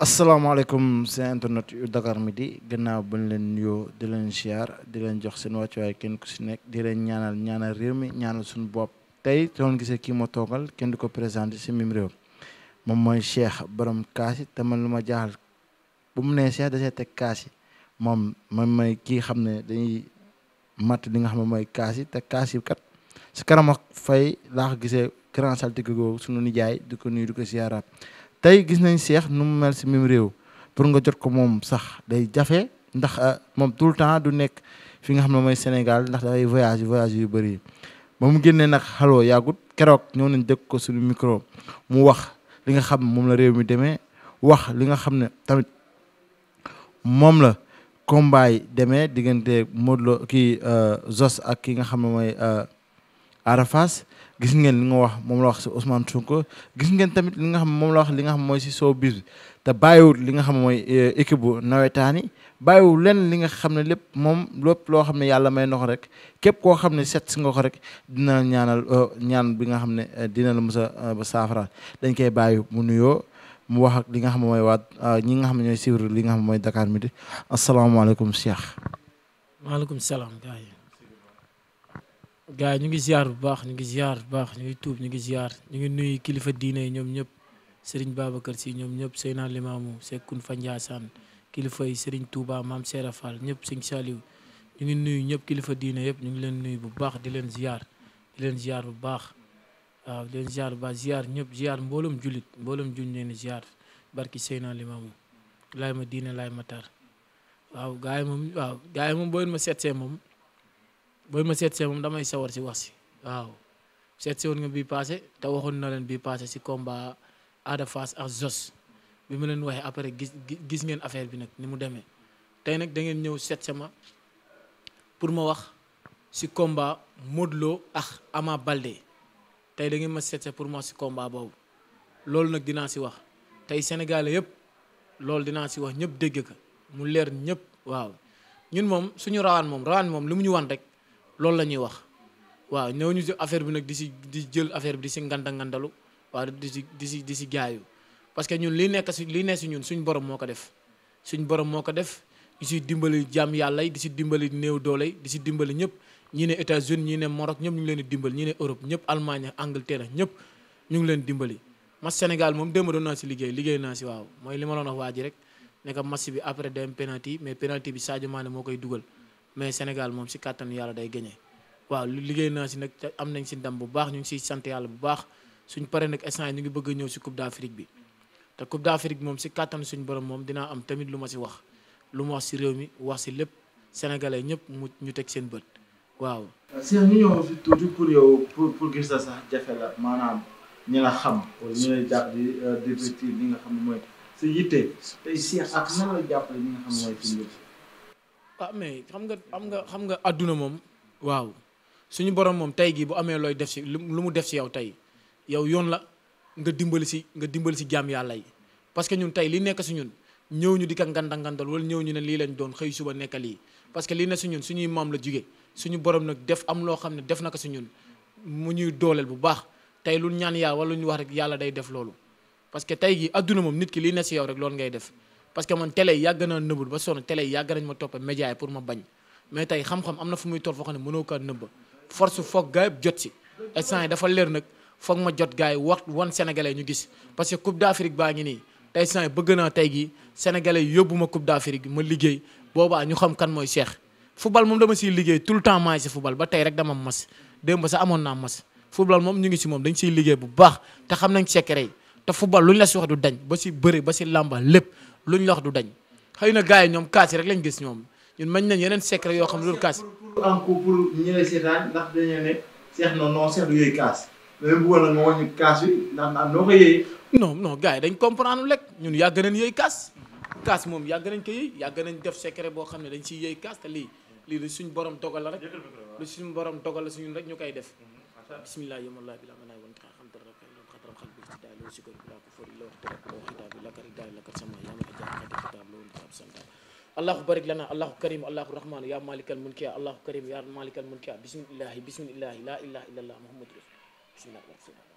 asalaamaaleykum seen internet yu Dakar di gannaaw ba leen nuyoo di leen ziar di leen jox seen wàccuwaay kenn ku si nekk di leen ñaanal ñaanal réew mi ñaanal suñu bopp tey doon gisee kii ma toogal kenn di ko présenté si mim réew moom mooy Cheikh borom kaasi te man lu ma jaaxal bu mu nee Cheikh dasee teg kaasi moom moom mooy kii xam ne dañuy matt li nga xam ne mooy kaasi te kaasi kat si kanam ak fay laa ko gisee grand saltige googu suñu nijaay di ko nuyu di ko ziaraat tey gis nañ seex nu mu mel si même réew pour nga jot ko moom sax day jafe ndax euh, moom tout le temps du nekk fi nga xam ne mooy Sénégal ndax dafay voyage voyage yu bëri yi ba mu génnee nag xaloo yàggut keroog ñëw nañ dégg ko suñu micro mu wax li nga xam moom la réew mi demee wax li nga xam ne tamit moom la combat yi demee diggante Modou Lo kii euh, Zos ak ki nga xam ne mooy euh, Ada gis ngeen li nga wax moom la wax si Ousmane Sonko gis ngeen tamit li nga xam moom la wax li nga xam mooy si showbiz bi te bàyyiwul li nga xam mooy eh, équipe nawetaan yi bàyyiwul lenn li nga xam ne lépp moom lépp loo xam ne yàlla may na ko rek képp koo xam ne set si nga ko rek dina ñaanal euh, ñaan bi nga xam ne euh, dina la mës a euh, saafara dañ koy bàyyi mu nuyoo mu wax li nga xam mooy waat ñi nga xam ne ñooy suivre li nga xam mooy Dakar Midi asalaamaaleykum Cheikh. maaleykum salaam. gars yi ñu ngi ziar bu baax ñu ngi ziar bu baax ñu ngi tuub ñu ngi ziar ñu ngi nuyu kilifa diine yi ñoom ñëpp Serigne Babacar Sy ñoom ñëpp Seyna Limamou Sekoun fa Ndiassane kilifa yi Serigne Touba Mame Serra Fall ñëpp Serigne Saliou ñu ngi nuyu ñëpp kilifa diine yëpp ñu ngi leen nuyu bu baax di leen ziar di leen ziar bu baax waaw di leen ziar baax ziar ñëpp ziar mbooloom jullit mbooloom juñ leen ziar barki Seyna Limamou laay ma diine laay ma tar waaw gars moom waaw gars yi booy ma seet see moom damay sawar si wax si waaw seet si woon nga bi paase te waxoon na leen bii paase si komba Ada Fass ak Zos bi ma leen waxee après gis gis ngeen affaire bi nag ni mu demee tey nag da ngeen ñëw seet ma pour ma wax si combat Modou Lo ak Ama Baldé tey da ma seet pour ma wax si komba boobu loolu nag dinaa si wax tey sénégalais yëpp loolu dinaa si wax ñëpp dégg ka mu leer ñëpp waaw ñun moom suñu rawaan moom rawaan moom li mu ñu wan rek. loolu la ñuy wax waaw ñëw ñu si affaire bi nag di si di jël affaire bi di si nganda ngandalu waaw di si di si di si gaayu parce que ñun li nekk si li si ñun suñ borom moo ko def suñ borom moo ko def di si dimbali jàmm yàlla yi di si dimbali néew doole yi di si dimbali ñëpp ñi ne États-Unis ñi ne Maroc ñëpp ñu leen di dimbali ñi ne Europe ñëpp Allemagne Angleterre ñëpp ñu ngi leen dimbali match Sénégal moom démb doon naa si liggéey liggéey naa si waaw mooy li doon wax waa ji rek ne match bi après dem penalty mais penalty bi Sadio Mané moo koy dugal mais Sénégal moom si kàttanu yàlla day gagné waaw liggéey naa si nag am nañ si ndam bu baax ñu ngi siy sant yàlla bu baax suñ paree nag instant ñu ngi bëgg a ñëw si Coupe d'Afrique bi te Coupe d'Afrique moom si kàttanu suñ borom moom dinaa am tamit lu ma si wax lu ma wax si réew mi wax si lépp sénégalais ñëpp mu ñu teg seen bët waaw. Cheikh maanaam ñi la xam wala ñi lay ah mais xam nga xam nga xam nga àdduna moom waaw suñu borom moom tey gi bu amee looy def si lu mu def si yow tey yow yoon la nga dimbali si nga dimbali si jaam yàlla yi parce que ñun tey li nekk si ñun ñëw ñu di ka nganda ñëw ñu ne lii lañ doon xëy suba nekkal yi parce que lii ne si ñun suñuy maam la jóge suñu borom nag def am loo xam ne def na ko si ñun mu ñuy dooleel bu baax tey lu ñaan yàlla wala lu ñu wax rek yàlla day def loolu parce que tey gi àdduna moom nit ki lii ne si yow rek loolu ngay def parce que man télé yàgg naa nëbbul ba sonn télé yàgg nañ ma topp média pour ma bañ mais tey xam-xam am na fu muy toll foo xam ne mënoo ko nëbb force foog gars jot si instant yi dafa leer nag foog ma jot gars yi wax wan sénégalais ñu gis parce que coupe d'Afrique baa ngi nii tey instant yi bëgg naa tey gi sénégalais yóbbu ma coupe d'Afrique ma liggéey boobaa ñu xam kan mooy Cheikh football moom dama siy liggéey tout le temps maa ngi si football ba tey rek dama mas démb ba sax amoon naa moom ñu ngi si moom dañ siy liggéey bu baax te xam nañ secret te football lu ñu la si wax du dañ ba si bëri ba si làmba lépp lu ñu la wax du dañ xëy na gars yi ñoom kaas yi rek lañ gis ñoom ñun mañ nañ yeneen secret yoo xam ne loolu kaas. ñu lay seetaan ndax dañoo ne seex na non seex du kaas kaas dañ comprendre rek ñun yàgg nañ yooyu kaas kaas moom yàgg nañ ko yàgg nañ def secret boo xam ne dañ siy yëy kaas te lii lii lu suñ borom dogal la rek lu suñ borom ñu koy def bisimilah yamalla sikoribilako fori lawti tarakko hitabe lakari dari lakar sama yamata jam hadi kitab lowndi jam santa allahu barik lana allahu karim allahu rahmanu ya malikal mulkiya allahu karim ya malikal mulkiya bismillahi bismillahi la ilaha illallah muhammadu rasul bismillah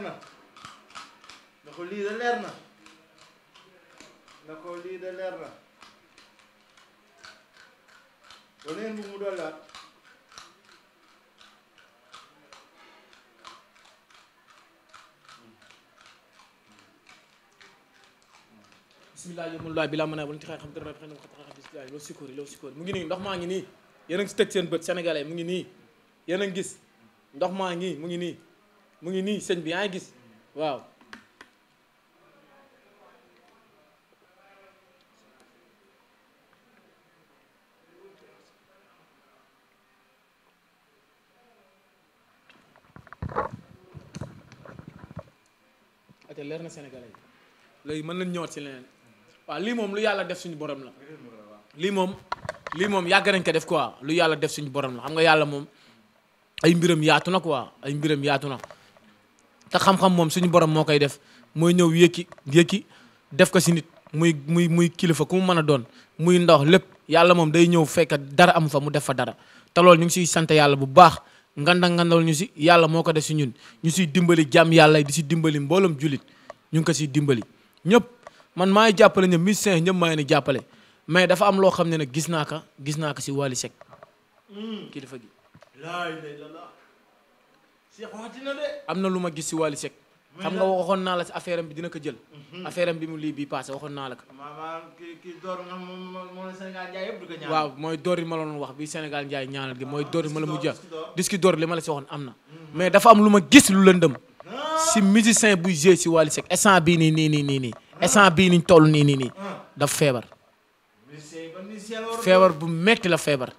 leer na na ko lii de leer na na ko lii de leer na waneen bu mu dollaat bismillah yow mënulaa bi laa mën a wala ci xay xam dara xëy na mu xataxa bismillah loolu sukkoor yi loolu sukkoor yi mu ngi nii ndox maa ngi nii yéen a ngi si teg seen bët sénégalais mu ngi nii yéen a ngi gis ndox maa ngi mu ngi nii mu ngi nii sëñ bi yaa ngi gis waaw te leer na Sénégalais yi léegi mën nañ ñëwaat ci leneen waaw lii moom lu yàlla def suñu borom la lii moom lii moom yàgg nañ ko def quoi lu yàlla def suñu borom la xam nga yàlla moom ay mbiram yaatu na quoi ay mbiram yaatu na te xam-xam moom suñu borom moo koy def mooy ñëw yëkki yëkki def ko si nit muy muy muy kilifa ku mu mën a doon muy ndaw lépp yàlla moom day ñëw fekk dara amu fa mu def fa dara te loolu ñu ngi siy sant yàlla bu baax nganda ngandal ñu si yàlla moo ko def si ñun ñu siy dimbali jàmm yàlla di si dimbali mbooloom jullit ñu ngi ko siy dimbali ñëpp man maay jàppale ñëpp musicien ñëpp maa ngi jàppale mais dafa am loo xam ne nag gis naa ko gis naa ko si Wally Seck hmm. gi am na lu ma gis si Wally Seck xam nga waxoon naa la si affaire am bi dina ko jël. Mhm. affaire am bi mu lii bi passé waxoon naa la ko. waaw mooy door yi ma la wax bi Sénégal Ndiaye ñaanal gi mooy ah, door yi ma la mujj a. door li ma la si waxoon am na. Mhm. mais dafa am lu ma gis lu lëndëm ah. si musicien buy joué si Wally Seck instant bii nii nii nii nii nii ah. instant bii niñ toll nii nii nii daf feebar. feebar bu metti la feebar.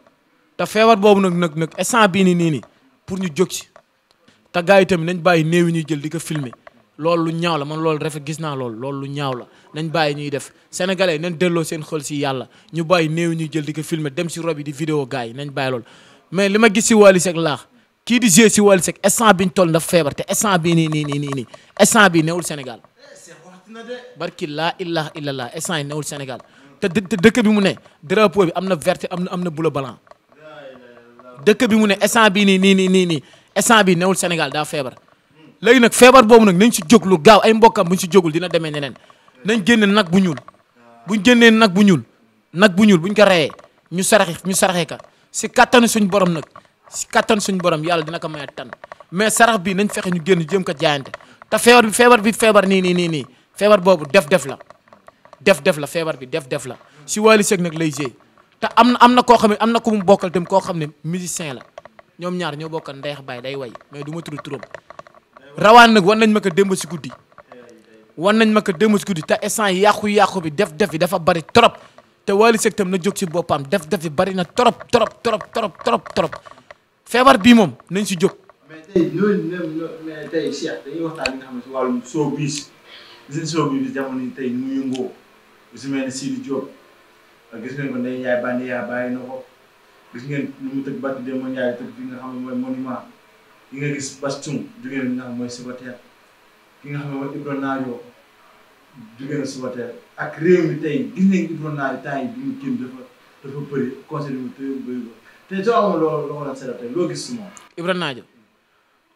te feebar boobu nag nag nag bi bii nii nii pour ñu jóg si. ta gars yi tamit nañ bàyyi néew ñuy jël di ko filmer loolu lu ñaaw la man loolu rafet gis naa lool loolu lu ñaaw la nañ bàyyi ñuy def sénégalais nañ delloo seen xol si yàlla ñu bàyyi néew ñuy jël di ko filmer dem si rob di vidéo gars yi nañ bàyyi loolu mais li ma gis si Wally Seck laax kii di jouer si Wally Seck instant biñ toll dafa feebar te instant bii nii nii nii nii nii instant bii newul Sénégal barki laa ilaha illallah instant yi newul Sénégal te dëkk bi mu ne drapeau bi am na vert am na am na bleu blanc dëkk bi mu ne instant bi ni nii nii nii instant bi newul Sénégal daa feebar léegi nag feebar boobu nag nañ si jóg lu gaaw ay mbokkam buñ si jógul dina demee neneen nañ génne nag bu ñuul bu génnee nag bu ñuul nag bu ñuul buñ ko reyee ñu saraxe ñu saraxe ka si kattanu suñ borom nag si kattan suñ borom yàlla dina ko may tan mais sarax bi nañ fexe ñu génn jëm ka jaayante te feebar bi feebar bi feebar nii nii nii nii feebar boobu def-def la def-def la feebar bi def-def la si Wally Seck nag te am na am na koo xam ne am na ku mu bokkal tam koo xam ne musicien la ñoom ñaar ñoo bokk ndeex baay day way mais du ma tudd turam rawaan nag wan nañ ma ko démb si guddi wan nañ ma ko démb si guddi te instant yàqu-yàqu bi def def yi dafa bari trop te Wally Seck tam na jóg si boppam def def yi bari na trop trop trop trop trop feebar bii moom nañ si jóg. mais tey ñooñu mais tey Cheikh dañuy si wàllum showbiz gis nga gis nga ko Ndeye Ndiaye bànn yaa bàyyi gis ngeen nu mu tëj bàtt démb Ndiaye tëj bi nga xam mooy monument yi nga gis Bass Thioung jugee nga xam mooy Subatel ki nga xam mooy Ibro Naajo jugee na ak réew mi tey gis nañ Ibro Naajo temps yi bi gis moom. Ibro Naajo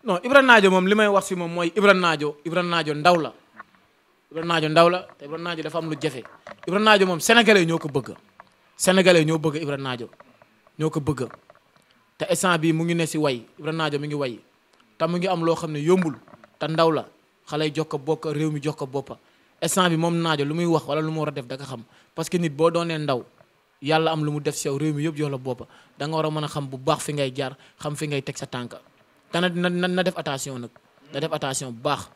non moom li may wax si moom mooy Ibro Naajo Ibro Naajo ndaw la Ibro Naajo ndaw la te Ibro dafa am lu jafe Ibro Naajo moom sénégalais ñoo ko bëgg sénégalais ñoo bëgg Ibro Naajo. ñoo ko bëgg te instant bi mu ngi ne si way Ibrahima Naajo mi ngi way te mu ngi am loo xam ne yombul te ndaw la xale yi jox ko bokk réew mi jox ko boppa instant bi moom Naajo lu muy wax wala lu mu war a def da nga xam parce que nit boo doonee ndaw yàlla am lu mu def si réew mi yëpp jox la boppa danga war a mën a xam bu baax fi ngay jaar xam fi ngay teg sa tànk te na na na def attention nag na def attention bu baax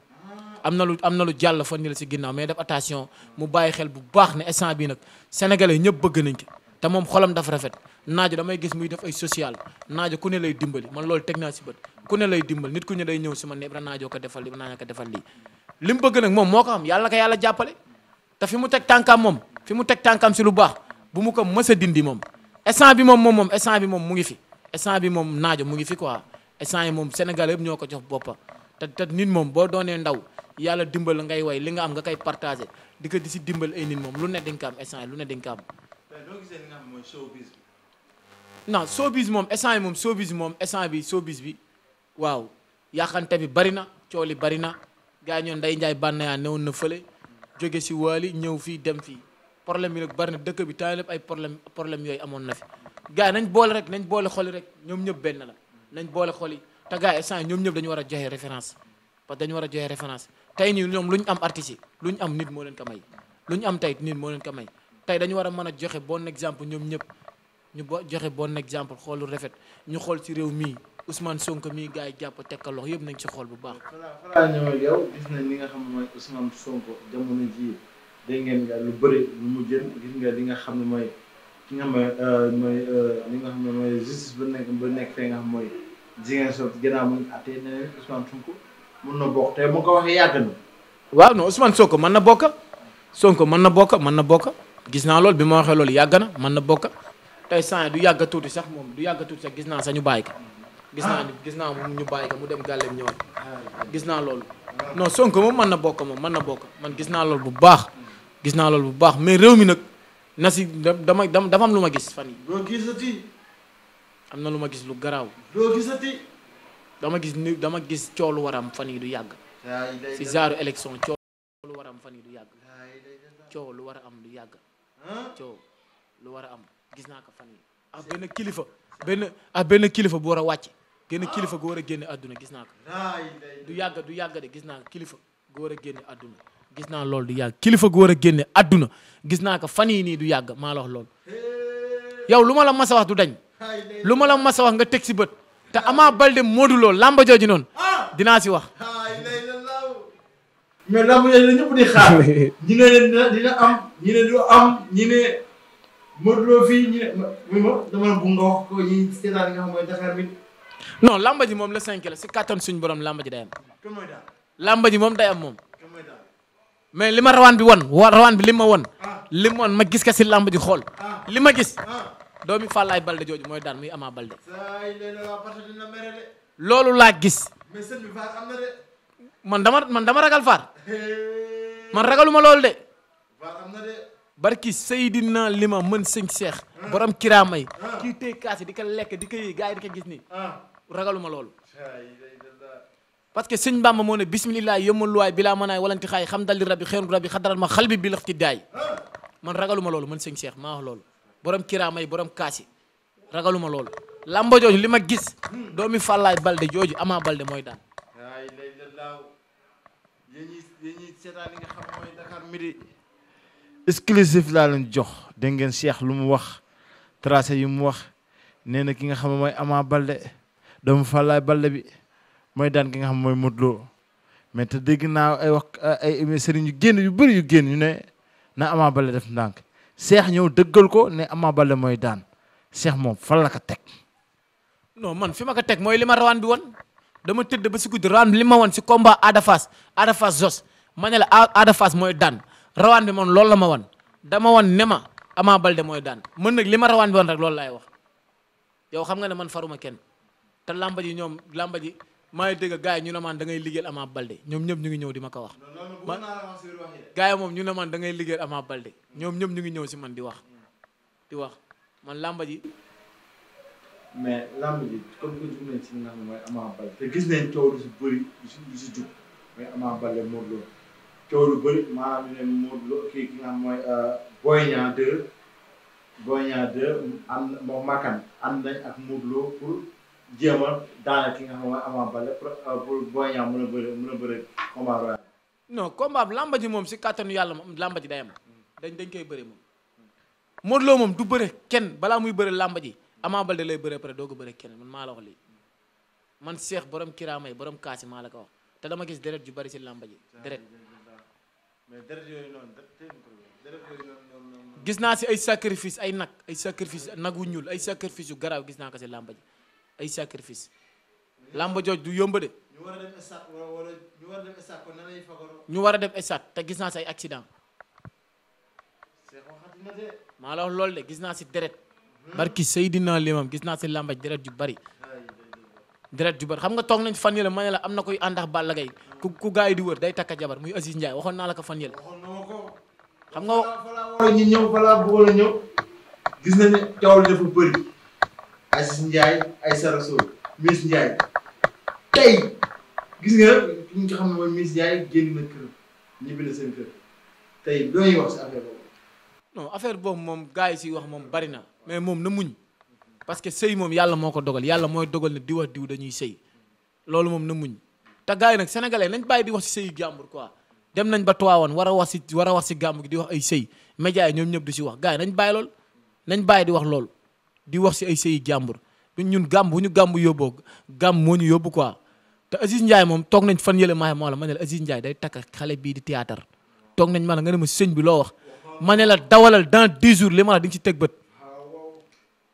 am na lu am na lu jàll fa ni la si ginnaaw mais def attention mu bàyyi bu baax ne instant bi nag sénégalais ñëpp bëgg nañ ko te moom xolam dafa rafet naajo damay gis muy def ay social naajo ku ne lay dimbali man loolu teg naa si bët ku ne lay dimbali nit ku ne day ñëw si man ne naajoo naajo ko defal li naajo ko defal lii li mu bëgg nag moom moo ko am yàlla ko yàlla jàppale te fi mu teg tànkam moom fi mu teg tànkam si lu baax bu mu ko mës a dindi moom instant bi moom moom moom instant bi moom mu ngi fi instant bi moom naajo mu ngi fi quoi instant yi moom Sénégal ñoo ko jox boppam te te nit moom boo doonee ndaw yàlla dimbal ngay way li nga am nga koy partagé di ko di si dimbal moom lu ne dinga am instant lu ne dinga non showbiz moom instant yi moom showbiz moom instant bi showbiz bi waaw yaaxante bi bari na coow li bari na gars ñoom Ndeye Ndiaye Banaya newoon na fële jóge si waali ñëw fii dem fii problème yi nag bari na dëkk bi temps lépp ay problème problème yooyu amoon na fi gars yi nañ boole rek nañ boole xoli rek ñoom ñëpp benn la nañ boole xoli te gars yi instant ñoom ñëpp dañu war a joxe référence parce que dañu war a joxe référence tey nii ñoom lu ñu am artistes yi lu ñu am nit moo leen may lu am tey moo leen ko may tey dañu war a mën a joxe bon exemple ñoom ñëpp ñu bo joxe bon exemple xoolu rafet ñu xool ci réew mii Ousmane Sonko mii gars yi jàpp tekkalox yëpp nañ ci xool bu baax. xanaa ñëw yow li nga xam mooy Ousmane Sonko jamono jii dégg ngeen lu bëri lu mu li nga xam ne mooy ki nga xam ne euh, euh, xam mooy justice so gannaaw mu ngi àttee ne Ousmane Sonko mun na bokk te bu ko waxee yàgg na. waaw non Ousmane Sonko mën na bokk Sonko mën na bokk mën na bokk. gis naa lool bi ma waxee loolu yàgg na mën na bokk tey saa du yàgg tuuti sax moom du yàgg tuuti sax gis naa sañu ñu bàyyi ko gis naa gis naa moom ñu bàyyi mu dem gàlleem ñëwaat gis naa loolu non Sonko moom mën na bokk moom mën na bokk man gis naa lool bu baax gis naa loolu bu baax mais réew mi nag na si dama dafa am lu ma gis fan yi doo am na lu ma gis lu garaaw doo gisati dama gis ni dama gis coolu waram fan yi du yàgg si genre élection coolu waram fan yi du yàgg coow lu war a am lu yàgg coow lu war a am gis naa ko fan yi ah, kilifa benn ah benn kilifa bu war a wàcce genn ah. kilifa gu war a génne àdduna gis naa ko du yàgg du yàgg gis naa kilifa gu war a génne àdduna gis naa loolu du yàgg kilifa gu war a génne àdduna gis naa ko fan yii nii du yàgg maa la wax loolu yow lu ma la mas a wax du dañ lu ma la mas a wax nga teg si bët te Ama Baldé Modou Lo làmba jooju noonu ah. dinaa wax mais làmb yooyu la ji moom la cinq si kattan suñ borom làmb ji day am ji moom day am moom mais li ma rawaan bi won wa rawaan bi li ma won ah. li ma won ma gis ka si làmb ji xool ah. li ma gis ah. doomi Fallaye Balde jooju mooy daan muy Ama Balde loolu laa gis man dama man dama ragal faar man ragaluma loolu de barki Seydina ma mën sëñ Seex borom kiraama yi ah. kii téye kaas yi di ko lekk di ko yëy gars yi di ko gis nii ah. ragaluma loolu parce que sëñ Bamba moo ne bismillah yëmmal luwaay bilaa manaay walanti xaay xam dal di rabbi xeeru rabbi xadaral ma xal bi bi lax ti daay ah. man ragaluma loolu man sëñ Seex maa loolu borom kiraama yi borom kaas yi ragaluma loolu lamba jooju li ma gis hmm. doomi fàllaay balde jooju amaa balde mooy daan dañuy dañuy seetaan li nga xam mooy Dakar midi jox dégg ngeen Cheikh lu mu wax tracé yu mu wax nee na ki nga xam mooy amaa Balde doomu Fallaye Balde bi mooy daan ki nga xam mooy Modou Lo dégg naa ay wax ay sëriñ yu génn yu bëri yu génn ñu ne na amaa bale def ndànk Cheikh ñëw dëggal ko ne Ama Balde mooy daan Cheikh moom fan la ko teg. non man fi ma ko teg mooy li ma rawaan bi woon. dama tëdd ba si guddi rawaan bi li ma si combat Ada Fass Ada Fass Zos ma ne la Ada Fass mooy daan rawaan bi moon loolu la ma woon dama woon ne ma Ama Baldé mooy daan mën nag li ma rawaan bi woon rek loolu laay wax yow xam nga ne man faruma ken te lamba ji ñoom lamba ji maa ngi dégg gars yi ñu ne man da ngay liggéeyal Ama Baldé ñoom ñëpp ñu ngi ñëw di ko wax man gars yi moom ñu ne man da ngay liggéeyal Ama Baldé ñoom ñëpp ñu ngi ñëw si man di wax di wax man lamba mais làmb ji comme que jug nañ si naan mooy Ama Baldé te gis nañ coow lu si bëri lu si lu mooy Ama Baldé Modou coow lu bëri maanaam ñu ne Modou Lô kii nga xam euh, a daanaka ki nga xam mooy Ama Baldé pour euh, Boy Niang mën a bëri mën a bëri combat royal. non combat làmb ji moom si kàttanu yàlla moom làmb ji day am dañ dañ koy bëri moom Modou moom du bëri kenn balaa muy bëri làmbaji Ama Baldé lay bëree pare doo ko bëree kenn man maa la wax lii man seex borom kiraamay borom kaasi maa la ko wax te dama gis deret yu bari si làmba ji mais gis naa si ay sacrifice ay nag ay sacrifice nag wu ñuul ay sacrifice yu garaaw gis naa ko si làmba ji ay sacrifice làmba jooj du yomba de. ñu war a dem estat wala te gis naa si ay accident. maa la wax loolu de gis naa si deret. barki Seydina Limam gis naa si làmbaj deret ju bari deret ju bari xam nga toog nañ fan yële ma ne la am na koy àndax Balla Gaye ku ku yi di wër day takka jabar muy assis Ndiaye waxoon naa la ko fan yële xam nga wala ñu ñëw balaa bëggoon a ñëw gis nañ ne coow bëri Aziz Ndiaye ay saraso Miss Ndiaye tey gis nga ki nga xam ne mooy Miss Ndiaye génn na kër na seen tey looy wax si affaire boobu non affaire boobu moom gars yi si wax moom bari na mais moom na muñ parce que moom yàlla moo ko dogal yàlla mooy dogal ne di wax diw dañuy sëy loolu moom na muñ te gars yi nag sénégalais nañ bàyyi di wax si sëyu jàmbur quoi dem nañ ba tuwaawoon war a wax si war a wax si gàmmu gi di wax ay sëy média yi ñoom ñëpp di si wax gars yi nañ bàyyi lool nañ bàyyi di wax lool di wax si ay sëyu jàmbur ñun gàmm bu ñu gàmm yóbboo gàmm moo ñu yóbbu quoi te Aziz Ndiaye moom toog nañ fan yële maaye moo la ma ne la Aziz Ndiaye day takk xale bii di théâtre toog nañ ma la nga ne ma sëñ bi loo wax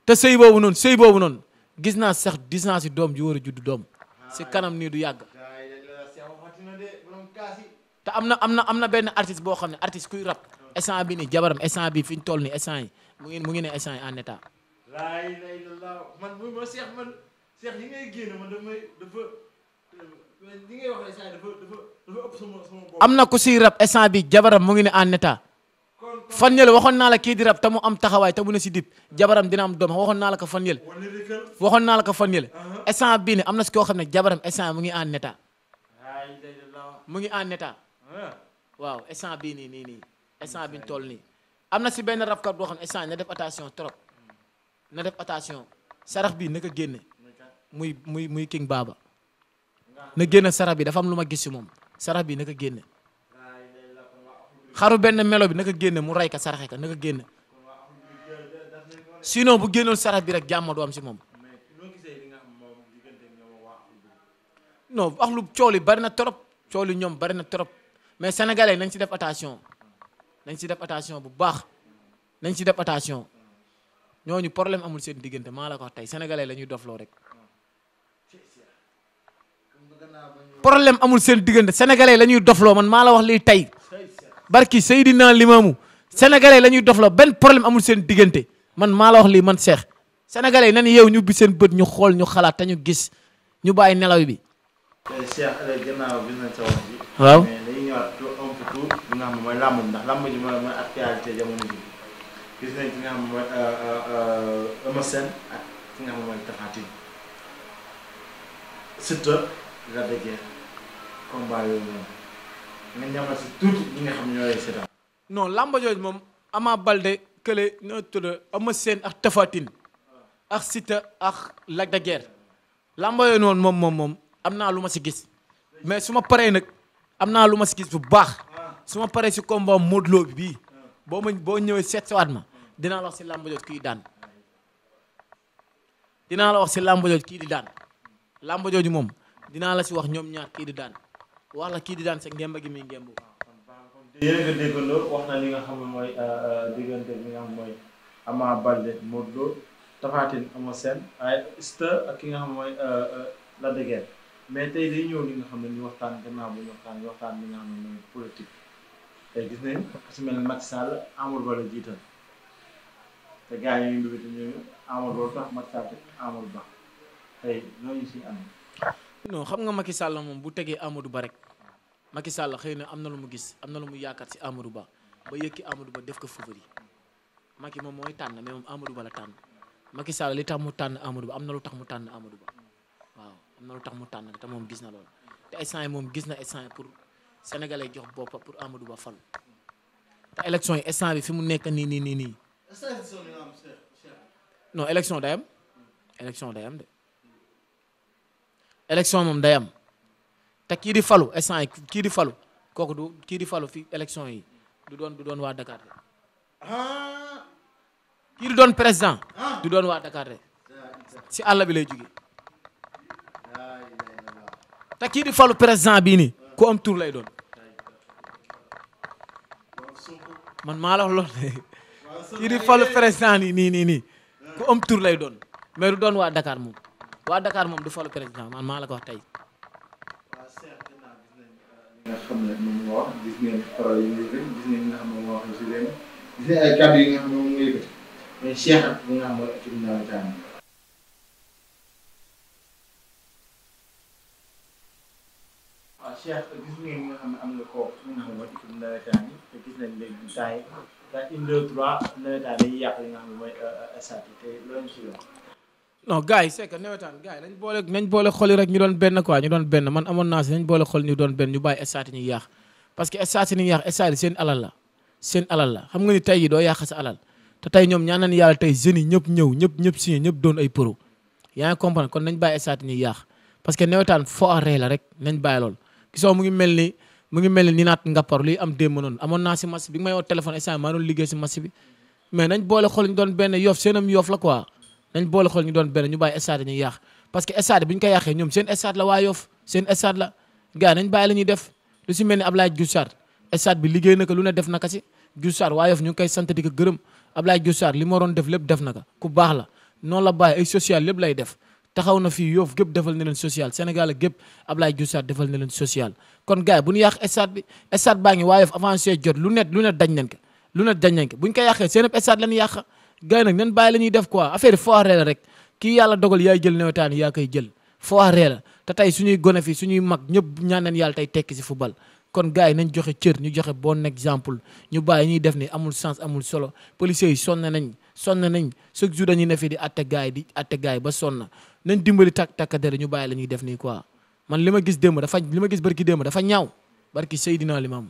te sëy boobu noonu sëy boobu noonu gis naa sax gis si doom ji war a judd doom si kanam nii du yàgg te am na am na am na benn artiste boo xam ne artiste kuy rap instant bi nii jabaram instant bi fi ñu toll nii instant yi mu ngi mu ngi ne instant yi en na ku siy bi jabaram mu ngi ne en état fan yële waxoon naa la kii di rab te mu am taxawaay te mu ne si dib jabaram dina am doom waxoon naa la ko fan yële waxoon naa la ko fan yële uh-huh. instant bii ne am na si koo xam ne jabaram instant mu ngi en état mu ngi en état uh-huh. waaw instant bii nii nii nii instant bi ñu toll nii am na si benn rabkat boo xam ne instant na def attention trop na def attention sarax bi na ko génne muy muy muy king baaba na génne sarax bi dafa am lu ma gis si moom sarax bi na ko génne xaru benn melo bi naka génne mu rey ka saraxe ka naka génne sinon bu génnoon sarax bi rek jàmm du si moom. non wax lu coow li bari na trop coow li ñoom bari na trop mais sénégalais nañ si def attention nañ si def attention bu baax nañ si def attention ñooñu problème amul seen diggante maa la ko tey sénégalais lañuy ñuy dofloo rek. problème amul seen diggante sénégalais lañuy ñuy dofloo man maa la wax lii tey. barki Seydina Limaamu sénégalais la ñuy dof la benn problème amul seen diggante man maa la lii man Cheikh sénégalais nan yow ñu bi seen bët ñu xool ñu xalaat te ñu gis ñu bàyyi nelaw bi. Eh, eh, waaw mais dañuy ñëwaat un peu tout li nga xam ne mooy làmb ndax làmb ji mooy actualité jamono ji gis nañ nga ñamal làmba jooju moom Ama Baldé kële na tudd Ama Sène ak Tapha Tine ak Siteu ak Lac de Guiers noonu moom moom moom am naa lu ma si gis mais su ma paree nag am naa lu ma si gis bu baax su ma paree si combat Modou Lo bii boo ma boo ñëwee seet sawaat ma dinaa la wax si làmba jooju kii la wax si làmba jooju kii di daan làmba jooju moom dinaa la si wax ñoom ñaar kii di daan wax la kii di daan sa ngemba gi muy ngemb. yéen a ngi déggandoo nga xam euh, euh, nga xam mooy ki nga xam mooy euh, Lac de mais tey day ñëw li xam ne ñu waxtaan gannaaw bu ñu gis nañ mel ne Macky Sall amul wala jiital xam nga Macky Sall moom bu tegee Amadou Ba rek. Macky Sall xëy na am na lu mu gis am na lu mu yaakaar si Amadou Ba ba yëkki Amadou Ba def ko favori Macky moom mooy tànn mais moom Amadou Ba la tànn Macky Sall li tax mu tànn Amadou Ba am na lu tax mu tànn Amadou Ba waaw am na lu tax mu tànn te moom gis na loolu te instant yi moom gis na instant yi pour sénégalais jox boppa pour Amadou Ba falu te élection yi bi fi mu nekk nii nii nii nii. non élection day am. élection day de. élection moom day te kii di falu instant yi falu kooku du kii di falu fi yi du doon du doon waa Dakar de ah. kii président ah. du doon waa Dakar si àll bi lay jóge te kii di falu président bii nii ku am tur lay doon man maa la wax loolu kii di falu président nii nii nii ku am tur lay doon mais du doon waa Dakar moom waa Dakar moom du falu président man maa la ko wax tey xam ne moom moo wax gis ngeen parole yi nga yëkkati gis ngeen li nga xam ne moo wax si leen gis ngeen ay kàddu yi nga xam ne moom nga yëkkati mooy Cheikh ak bi nga xam ne ci ginnaaw jàmm waaw Cheikh gis ngeen li nga xam ne am na kooku li nga xam ne mooy ci nawetaan yi te gis nañ léegi temps yi daa une deux trois nawetaan dañuy yàq li nga xam ne mooy euh, euh, sati te loolu si yoon non gars yi c'est que nawetaan gars yi nañ boole nañ boole xol yi rek ñu doon benn quoi ñu doon benn man amoon naa si nañ yi ñuy yàq parce ñëpp ñëw ñëpp ñëpp signé ñëpp doon ay pro yaa ngi comprendre kon nañ bàyyi stade yi ñuy yàq parce que nawetaan foo arree la rek may woo téléphone instant maa doon liggéey si match bi nañ boole xol ñu doon benn yoof seenam yoof la quoi nañ boole xool ñu doon benn ñu bàyyi stade ñu yàq parce que bi ñu ko yàqee ñoom seen stade la waa Yoff seen stade si mel ni Ablaye Diouf Sarr stade bi liggéey na ko lu ne def na ko si Diouf Sarr koy sant di ko gërëm Ablaye Diouf Sarr li ma doon def lépp na ko ku baax la noonu la bàyyi ay social lépp lay def taxaw na fii Yoff defal na leen social Sénégal gépp Ablaye Diouf Sarr defal na leen social kon gars bu ñu yàq stade bi baa ngi waa Yoff avancé jot lu net lu ne dañ nañ ko lu ne dañ nañ ko bu ñu ko yàqee seen stade lañu yàq gars yi nag nan bàyyi la ñuy def quoi affaire foiré la rek kii yàlla dogal yaay jël nawetaan yaa koy jël foiré la te tey suñuy gone fi suñuy mag ñëpp ñaan nañ yàlla tey tekki si football kon gars yi nañ joxe cër ñu joxe bon exemple ñu bàyyi ñuy def ni amul sens amul solo policiers yi sonn nañ sonn nañ chaque jour dañuy ne fi di atte gars yi di atte gars yi ba sonn nañ dimbali tak takk dere ñu bàyyi la ñuy def nii quoi man li ma gis démb dafa li ma gis barki démb dafa ñaaw barki Seydina Limam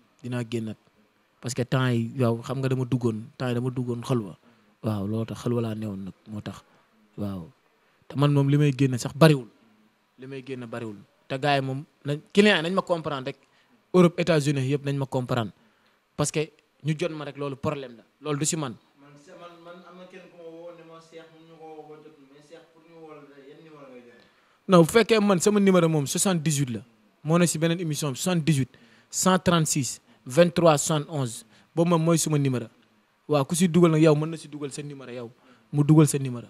dinaa génnat parce que temps yi waaw xam nga dama duggoon temps yi dama duggoon xalwa waaw loo tax xalwa laa newoon nag moo tax waaw te man moom li may génn sax bariwul li may génn bariwul te gars yi moom nañ client yi nañ ma comprendre rek Europe États-Unis yëpp nañ ma comprendre parce que ñu jot ma rek loolu problème la loolu du si man. man ma woo ne ma Cheikh mun ñu ko woo jot mais la yan numéro ngay joxe. non bu fekkee man sama numéro moom 78 la moo ne si beneen émission bi 78 136. 23 71 boobu moom mooy suma numéro waaw ku si dugal nag yow mën na si dugal sa numéro yow mu dugal sa numéro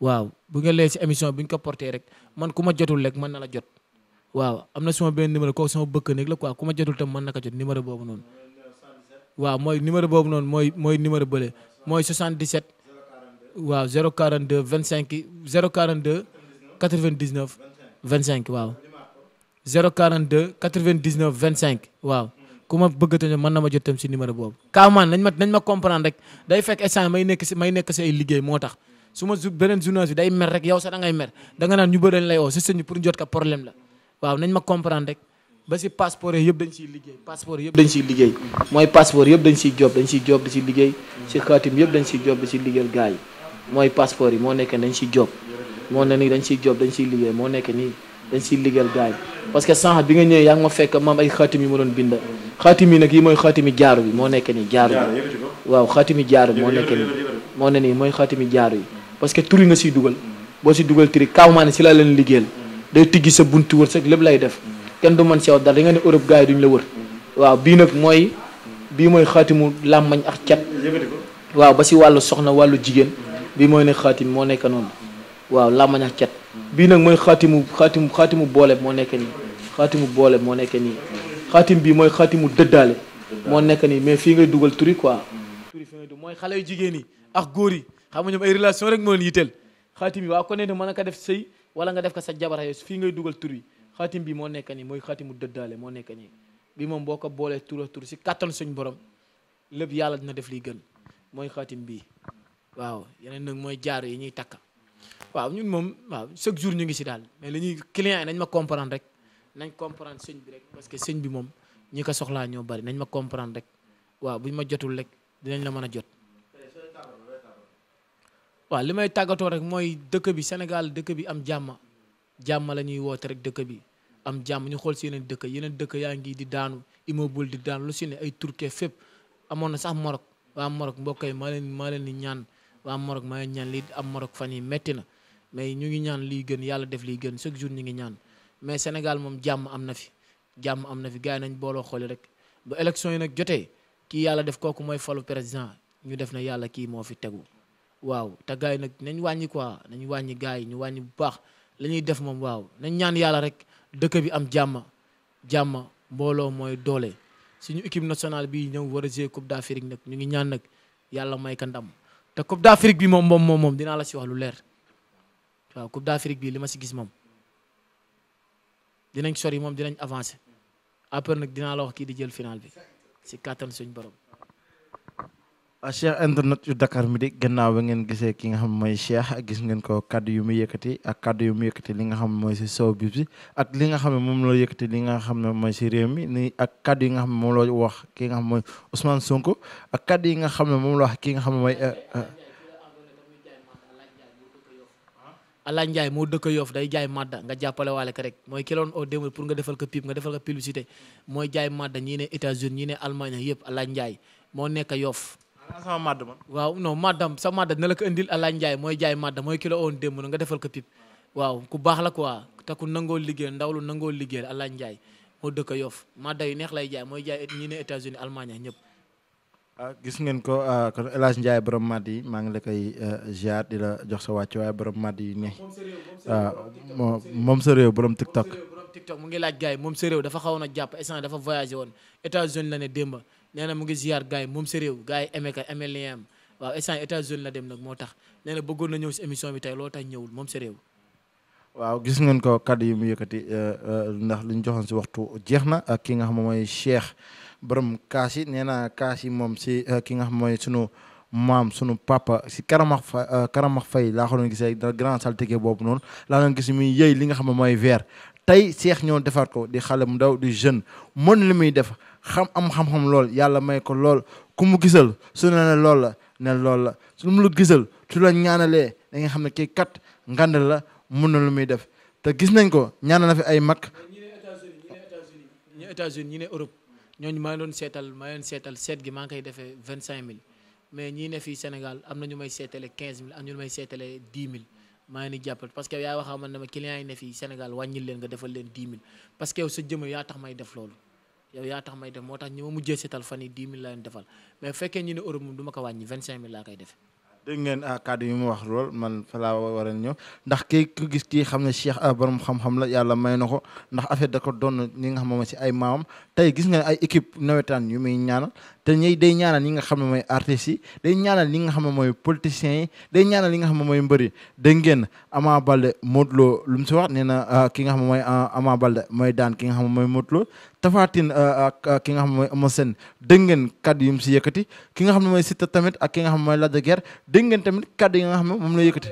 waaw bu ngeen lee si émission bi ñu ko porté rek man ku ma jotul lek mën na la jot waaw am na suma benn numéro kooku sama bëkk néeg la quoi ku ma jotul tam man na ko jot numéro boobu noonu waaw mooy numéro boobu noonu mooy mooy numéro bële mooy 77 waaw 042 25 042 99 25 waaw 042 vingt 25 waaw ku ma bëgg a mën na ma jot tam si numéro boobu. Kaaman nañ ma nañ rek day fekk instant may nekk si liggéey moo tax su ma beneen journaliste day mer rek yow sax da mer da naan ñu bëri dañ lay woo si sëñ bi jot ka problème la waaw nañ ma comprendre rek. ba si passeport yëpp yëpp dañ si liggéey mooy passeport yi moo nekk dañ siy job moo ne nii dañ siy job dañ siy liggéey moo nekk nii dañ siy liggéeyal gars parce que sànq bi nga ñëwee yaa ngi ma fekk maam ay xaatim yi ma doon bind. xaatim yi nag yi mooy xaatimi jaaru bi moo nekk nii jaaru waaw xaatimi jaaru bi moo nekk nii moo ne nii mooy xaatimi jaaru yi parce que turi nga siy dugal boo si dugal turi kaaw maa ne si la leen liggéeyal day tijji sa bunt wër sëg lépp lay def kenn du man si yow dara da nga ne Europe gars yi duñ la wër waaw bii nag mooy bii mooy xaatimu làmmañ ak cat waaw ba si wàllu soxna wàllu jigéen bii mooy ne xaatim moo nekk noonu waaw làmmañ ak cet bii nag mooy xaatimu xaatimu xaatimu boole moo nekk nii xaatimu boole moo nekk nii xaatim bi mooy xaatimu dëddaale moo nekk nii mais fii ngay dugal turi quoi turi fi mooy xale yu jigéen yi ak góor yi xam nga ñoom ay relation rek moo leen yitteel bi waaw ko ne mën na ko def sëy wala nga def sa jabar yooyu fii ngay dugal tur yi bi moo nekk nii mooy xaatimu dëddaale moo nekk nii bi moom boo ko boolee tur ak tur si kattan suñ borom lépp yàlla dina def lii gën mooy xaatim bii waaw yeneen nag mooy jaar yi ñuy takka waaw ñun moom waaw chaque jour ñu ngi si daal mais li ñuy client yi nañ ma comprendre rek nañ comprendre sëñ bi rek parce que sëñ bi moom ñii ko soxlaa ñoo bari nañ ma comprendre rek waaw buñ ma jotul rek dinañ la mën a jot. waaw li may tàggatoo rek mooy dëkk bi Sénégal dëkk bi am jàmm jàmm la ñuy woote rek dëkk bi am jàmm ñu xool si yeneen dëkk yeneen dëkk yaa ngi di daanu i immeuble di daanu lu si ne ay Turquie fépp amoon na sax Maroc waa morok mbokk yi maa leen maa leen di ñaan. waa Maroc maa ngi ñaan li am Maroc fan yi metti na mais ñu ngi ñaan lii gën yàlla def liy gën chaque jour ñu ngi ñaan mais Sénégal moom jàmm am na fi jàmm am na fi gars nañ booloo xooli rek ba élection yi nag jotee kii yàlla def kooku mooy falu président ñu def na yàlla kii moo fi tegu waaw te yi nag nañ wàññi quoi nañ wàññi gars yi ñu wàññi bu baax lañuy ñuy def moom waaw nañ ñaan yàlla rek dëkk bi am jàmm jàmm mbooloo mooy doole suñu équipe nationale bi ñëw war a jouer coupe d'Afrique nag ñu ngi ñaan nag yàlla may ka ndam te Coupe d'Afrique bi moom moom moom moom dinaa la si wax lu leer waaw Coupe bi li ma si gis moom dinañ sori moom dinañ avancer après nag dinaa la wax kii di jël final bi si kattan suñ borom. a ah, cheikh internet yu Dakar Midi gannaaw ba ngeen gisee ki nga xam mooy a gis ngeen ko kadd yu mu yëkkati ak kaddu yu mu yëkkati li nga xam mooy si sow bi bi ak nga xam ne moom la yëkkati li nga xam ne mooy si réew mi ni ak kaddu yi nga xam ne moom la wax ki nga xam mooy Ousmane Sonko ak kaddu yi nga xam ne moom la wax ki nga xam ne mooy eh, eh. Alla Ndiaye moo dëkk yoof day jaay madda nga jàppale waale ko rek mooy kiloon au démb pour nga defal ko pipe nga defal ko publicité mooy jaay madda ñii ne États-Unis ñii ne Allemagne yëpp Alla Ndiaye moo nekk Yoff sama madd man waaw non maddam sa madda na la ko indil Alaaj Njaay mooy jaay madda mooy ki la oon démb na nga defal ko tit waaw ku baax la quoi te ku nangoo liggéey ndaw lu nangoo liggéey Alaaj moo dëkk Yoff madda yu neex lay jaay mooy jaay ñi États-Unis Allemagne ñëpp ah, gis ngeen ko a ah, El Hadj Ndiaye borom yi maa ngi la koy eh, ziar di la jox sa wàcc waaye borom madd yi ne moom sa réew borom TikTok. mu ngi laaj gars yi moom sa réew dafa xawoon a jàpp instant dafa voyagé woon états nee mu ngi ziar gars yi moom sa réew gars yi aimé ka aimé lien am waaw instant États-Unis la dem nag moo tax nee na bëggoon na ñëw si émission bi tey loolu tax ñëwul moom sa waaw gis ngeen ko kaddu yi mu yëkkati euh, euh, ndax li ñu joxoon si waxtu jeex na ak ki nga xam mooy Cheikh borom kaas yi nee naa kaas yi moom si euh, ki nga xam mooy sunu maam sunu papa si Karamax fa Karamax Faye laa ko doon gisee da grand saltige boobu noonu laa doon gis muy yëy li nga xam ne mooy verre tey Cheikh ñoo defaat ko di xale mu ndaw di jeune mën li muy def. xam am xam-xam lool yàlla may ko lool ku mu gisal su ne ne lool la ne lool la su mu lu gisal su la ñaanalee da nga xam ne kii kat ngand la mun na lu muy def te gis nañ ko ñaanal na fi ay mag. ñi ne États-Unis ñi ne États-Unis ñi ne États-Unis ñi ne Europe ñooñu maa ngi doon seetal maa ngi doon seetal seet gi maa ngi koy defee vingt cinq mille mais ñii ne fii Sénégal am na ñu may seetale quinze mille am ñu may seetale dix mille maa ngi ni jàppal parce que yow yaa waxaa man ne ma client yi ne fii Sénégal wàññil leen nga defal leen dix mille parce que yow sa jëmm yaa tax may def loolu yow yaa tax may def moo tax ñi ma mujjee seetal fan yi dix mille laa leen defal mais fekkee ñu ne Europe moom du ma ko wàññi cinq mille laa def dégg ngeen ah kàddu yi wax lool man fa laa ñëw ndax kii ku gis kii xam ne Cheikh ah, borom xam-xam la yàlla may na ndax affaire da ko doon ñi nga xam moom si ay maamam tey gis nga ay équipe nawetaan yu muy ñaanal te ñuy day ñaanal ñi nga xam ne mooy artistes yi day ñaanal ñi nga xam ne mooy politiciens yi day ñaanal li nga xam ne mooy mbëri dégg ngeen Ama Baldé Modou Lo lu mu si wax nee na ah, ki nga xam ne mooy ah, Ama Baldé mooy daan ki nga xam ne mooy Modou Lo Tapha Tine ah, ak ki nga xam ne mooy Eumeu Sène dégg ngeen kaddu yu mu si yëkkati ki nga xam ne mooy Siteu tamit ak ki nga xam ne la Lac de Guiers dégg ngeen tamit kaddu yi nga xam moom la yëkkati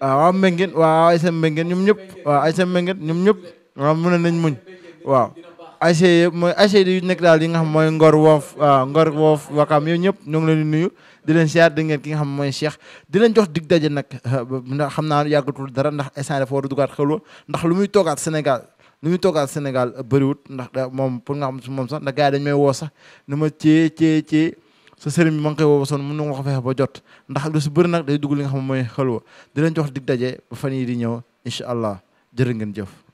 waaw Mbengue waa ay seen Mbengue ñoom ñëpp waaw ay seen Mbengue ñoom ñëpp waaw mën nañ muñ waaw ASC yëpp mooy ASC yu nekk daal yi nga xam mooy Ngor Woof ah, Ngor Woof Wakam yooyu ñëpp ñoo ngi leen di nuyu di leen siyaar di ngeen ki nga xam mooy Cheikh di leen jox dig daje nag ah, ndax xam naa yàggatul dara ndax instant dafa war a dugaat xelwa ndax lu muy toogaat Sénégal lu muy toogaat Sénégal bëriwut ndax moom pour nga xam si moom sax ndax gars yi dañ may woo sax ni ma ci ci ci sa sëriñ bi ma ngi koy woo son mën na ko fexe ba jot ndax lu si bëri nag day dugg li nga xam mooy xelwa di leen jox dig daje ba fan yi di ñëw incha allah jërë ngeen jëf